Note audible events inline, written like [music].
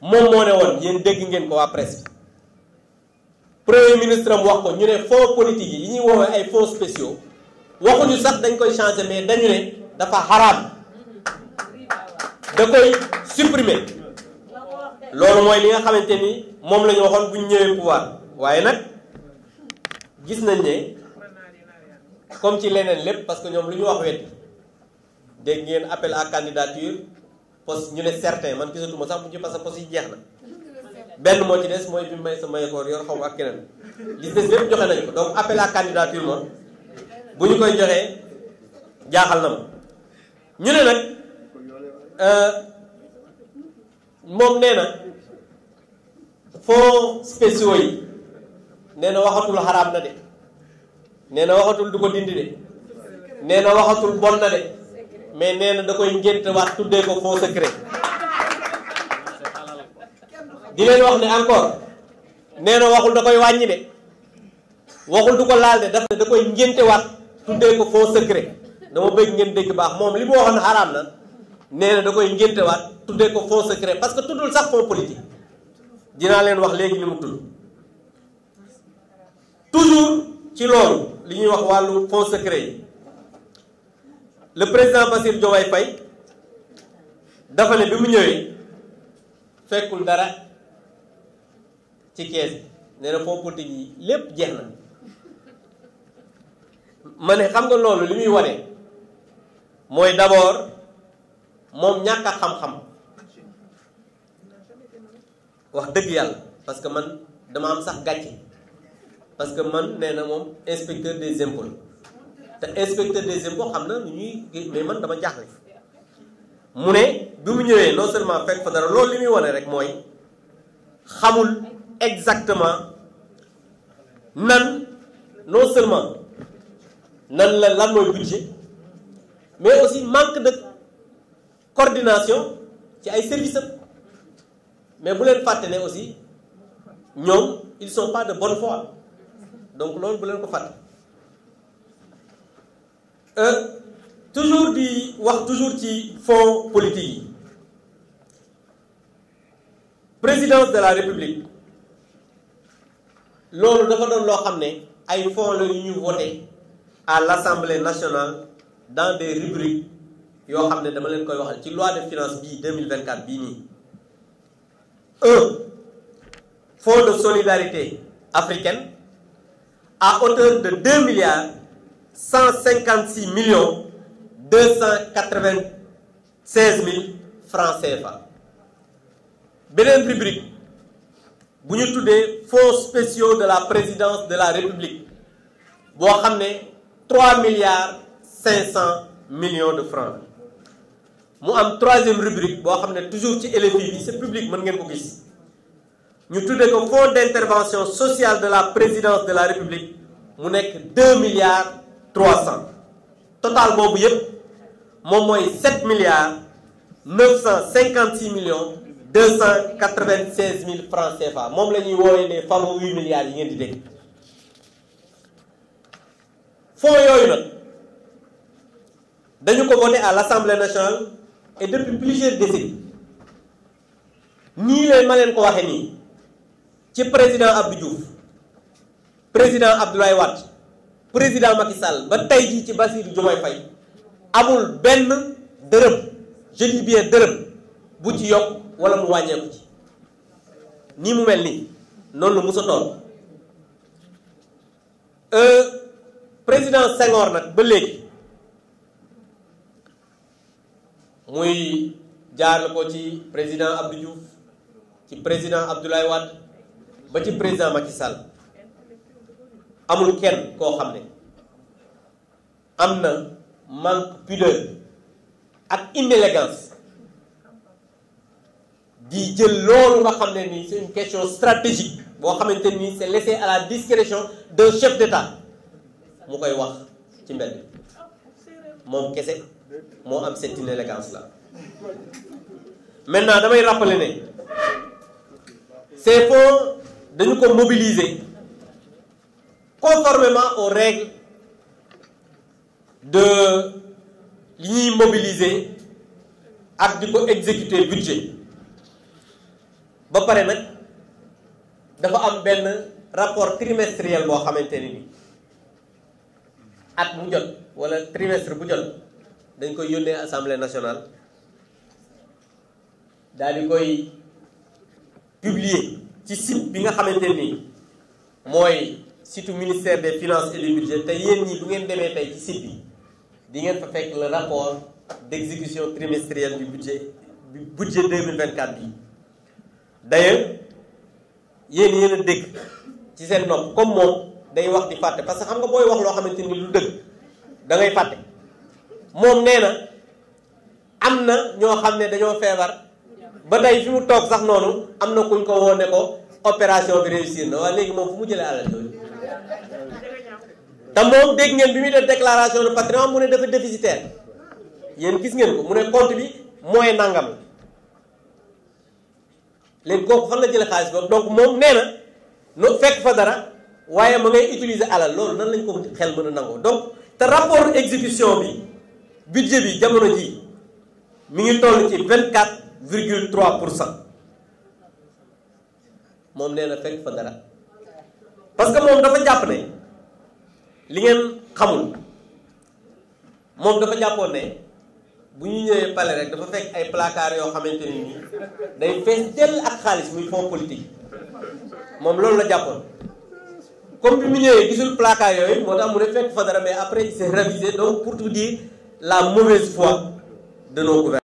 moom moo ne woon yéen dégg ngeen ko waa presse premier ministre mu wax ko ñu ne fonds politique yi yi ñuy woowee ay fonds spéciaux waxuñu sax dañ koy changer mais dañu ne dafa xaraam da koy supprimer loolu mooy li nga xamante ni moom la ñu waxoon bu ñu ñëwee pouvoir waaye nag gis nañ ne comme ci leneen lépp parce que ñoom lu ñu wax wet dégg ngeen appel à candidature pos ñu ne certain man gisatuma sax bu ci parce que pos yi jeex na [laughs] benn moo ci des mooy bi may sa mayekoor yor xaw ma ak keneen li des yëpp joxe nañu ko donc appel à candidature ma bu ñu koy joxee jaaxal na ma ñu ne nag euh, moom nee na fonds yi nee na waxatul xaraam na de nee na waxatul du ko dindi de nee na waxatul bon na de mais nee na da koy ngénte waat tuddee ko faux secret di leen wax ne encore nee na waxul da koy wàññi de waxul du ko laal de daf ne da koy ngénte waat tuddee ko faux secret dama bëgg ngeen dégg baax moom li mu waxoon xaraam na nee na da koy ngénte waat tuddee ko faux secret parce que tuddul sax fond politique dinaa leen wax léegi li mu tudd toujours ci loolu li ñuy wax wàllu faux secret yi le président Bassirou Diomaye Faye dafa ne bi mu ñëwee fekkul dara ci kees bi nee na fond politique yi lépp jeex na ma xam nga loolu li muy wane mooy d'abord moom ñàkk a xam-xam wax dëgg yàlla parce que man dama am sax gàcce parce que man nee na moom inspecteur des impôts te inspecteur des impôts xam na lu ñuy mais man dama jaaxle mu ne bi mu ñëwee non seulement fekk fa dara loolu li muy wane rek mooy xamul exactement nan non seulement nan la lan mooy budget mais aussi manque de coordination ci ay services mais bu leen fàtte ne aussi ñëw ils sont pas de bonne foi donc loolu bu leen ko fàtte. Euh, toujours bi wax toujours ci fonds politique yi présidence de la république loolu dafa doon loo xam ne ay fonds la yu ñu voté à l'assemblée nationale dans des rubriques yoo xam ne dama leen koy waxal ci loi de finance bii 2024 bii nii un fonds de solidarité africaine à hauteur de deux milliards cinquante 156 millions 296 mille francs CFA beneen rubrique bu ñu tuddee fonds spéciaux de la présidence de la république boo xam ne 3 milliards 500 millions de francs mu am troisième rubrique boo xam ne toujours ci LFI bi c'est public mën ngeen ko gis ñu tuddee ko fonds d'intervention sociale de la présidence de la république mu nekk 2 milliards. trois cent total boobu yëpp moom mooy sept milliards neuf cent cinquante six millions deux cent quatre vingt seize mille francs CFA moom la ñuy woowee ne fameux huit milliards yi ngeen di dégg fonds yooyu nag dañu ko voté à l'Assemblée nationale et depuis plusieurs décennies nii leen ma leen ko waxe nii ci président Abdou Diouf président Abdoulaye Wade président Macky Sall ba tey jii ci Bassirou Diomaye Faye amul benn dërëm je bien dërëm bu ci yokk wala mu wàññeeku ci nii mu mel nii noonu la musa tool euh, président Senghor nag ba léegi muy jaar ko ci président Abdou Diouf ci président Abdoulaye Wade ba ci président Macky amul kenn koo xam ne am na manque pudeur ak inélégance di jël loolu nga xam ne ni c'est question stratégique boo xamante nii c'est laissé à la discrétion d'un chef d'État mu koy wax ci mbedd moom kese moo am cette inélégance là maintenant damay rappeler ne ces fonds dañu ko mobiliser conformément aux règles de li ñuy mobiliser ak di ko exécuter budget ba pare nag dafa am benn rapport trimestriel boo xamante ne ni at mu jot wala trimestre bu jot dañ koy yónnee assemblée nationale daal di koy publier ci site bi nga xamante nii mooy surtout ministère des finances et du budget te yéen ñi bu ngeen demee tey ci site bi di ngeen fa fekk le rapport d'exécution trimestrielle du budget du budget 2024 bi d'ailleurs yéen yéen a dégg ci seen nopp comme moom day wax di fàtte parce que xam nga booy wax loo xam xamante ni lu dëgg da ngay fàtte moom nee na am na ñoo xam ne dañoo feebar ba tey fi mu toog sax noonu am na kuñ ko woo ne ko opération bi réussir na waaye léegi moom fu mu jëlee alal yooyu te moom dégg ngeen bi muy def déclaration de patrimoine mu ne dafa déficitaire yéen gis ngeen ko mu ne compte bi mooy nangam léegi kooku fan la jëlee xaalis boobu donc moom nee na no fekk fa dara waaye ma ngay utiliser alal loolu nan lañ ko xel mën na nangoo donc te rapport exécution bi budget bi jamono ji mu ngi toll ci vingt quatre virgule trois pour cent moom nee na fekk fa dara parce que moom dafa jàpp ne li ngeen xamul moom dafa jàppoon ne bu ñu ñëwee pale rek dafa fekk ay placard yoo xamante ni nii day fees dell ak xaalis muy fond politique moom loolu la jàppoon comme bi mu ñëwee gisul placard yooyu moo tax mu ne fekk fa dara mais après il s'est ravisé donc pour tout dire la mauvaise foi de nos